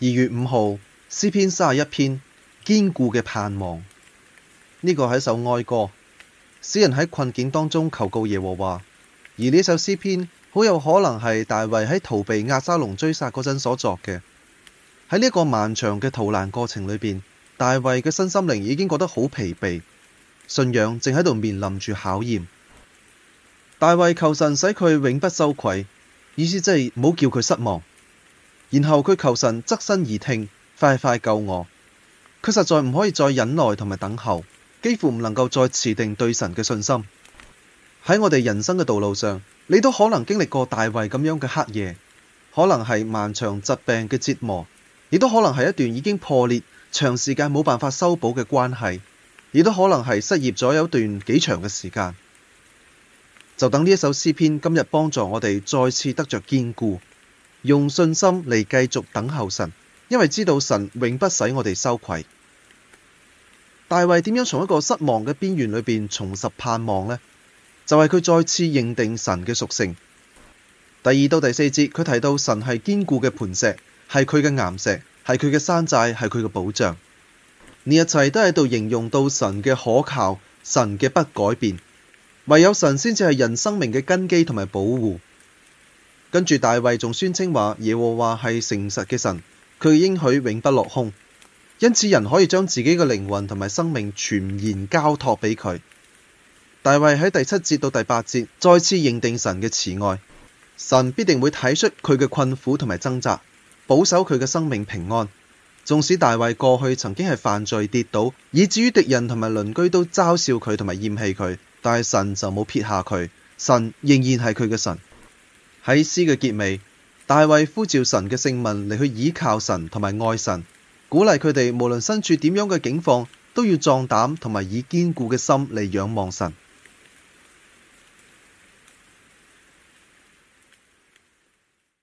二月五號，詩篇三十一篇，堅固嘅盼望。呢個係一首哀歌，詩人喺困境當中求告耶和華。而呢首詩篇，好有可能係大衛喺逃避押沙龍追殺嗰陣所作嘅。喺呢個漫長嘅逃難過程裏邊，大衛嘅身心靈已經覺得好疲憊，信仰正喺度面臨住考驗。大衛求神使佢永不羞愧，意思即係唔好叫佢失望。然後佢求神側身而聽，快快救我！佢實在唔可以再忍耐同埋等候，幾乎唔能夠再持定對神嘅信心。喺我哋人生嘅道路上，你都可能經歷過大衛咁樣嘅黑夜，可能係漫長疾病嘅折磨，亦都可能係一段已經破裂、長時間冇辦法修補嘅關係，亦都可能係失業咗有一段幾長嘅時間。就等呢一首詩篇今日幫助我哋再次得着堅固。用信心嚟繼續等候神，因為知道神永不使我哋羞愧。大衛點樣從一個失望嘅邊緣裏邊重拾盼望呢？就係、是、佢再次認定神嘅屬性。第二到第四節，佢提到神係堅固嘅磐石，係佢嘅巖石，係佢嘅山寨，係佢嘅保障。呢一切都喺度形容到神嘅可靠，神嘅不改變。唯有神先至係人生命嘅根基同埋保護。跟住大衛仲宣稱話耶和華係誠實嘅神，佢嘅應許永不落空，因此人可以將自己嘅靈魂同埋生命全然交託俾佢。大衛喺第七節到第八節再次認定神嘅慈愛，神必定會睇出佢嘅困苦同埋掙扎，保守佢嘅生命平安。縱使大衛過去曾經係犯罪跌倒，以至於敵人同埋鄰居都嘲笑佢同埋厭棄佢，但係神就冇撇下佢，神仍然係佢嘅神。喺詩嘅結尾，大衛呼召神嘅聖民嚟去倚靠神同埋愛神，鼓勵佢哋無論身處點樣嘅境況，都要壯膽同埋以堅固嘅心嚟仰望神。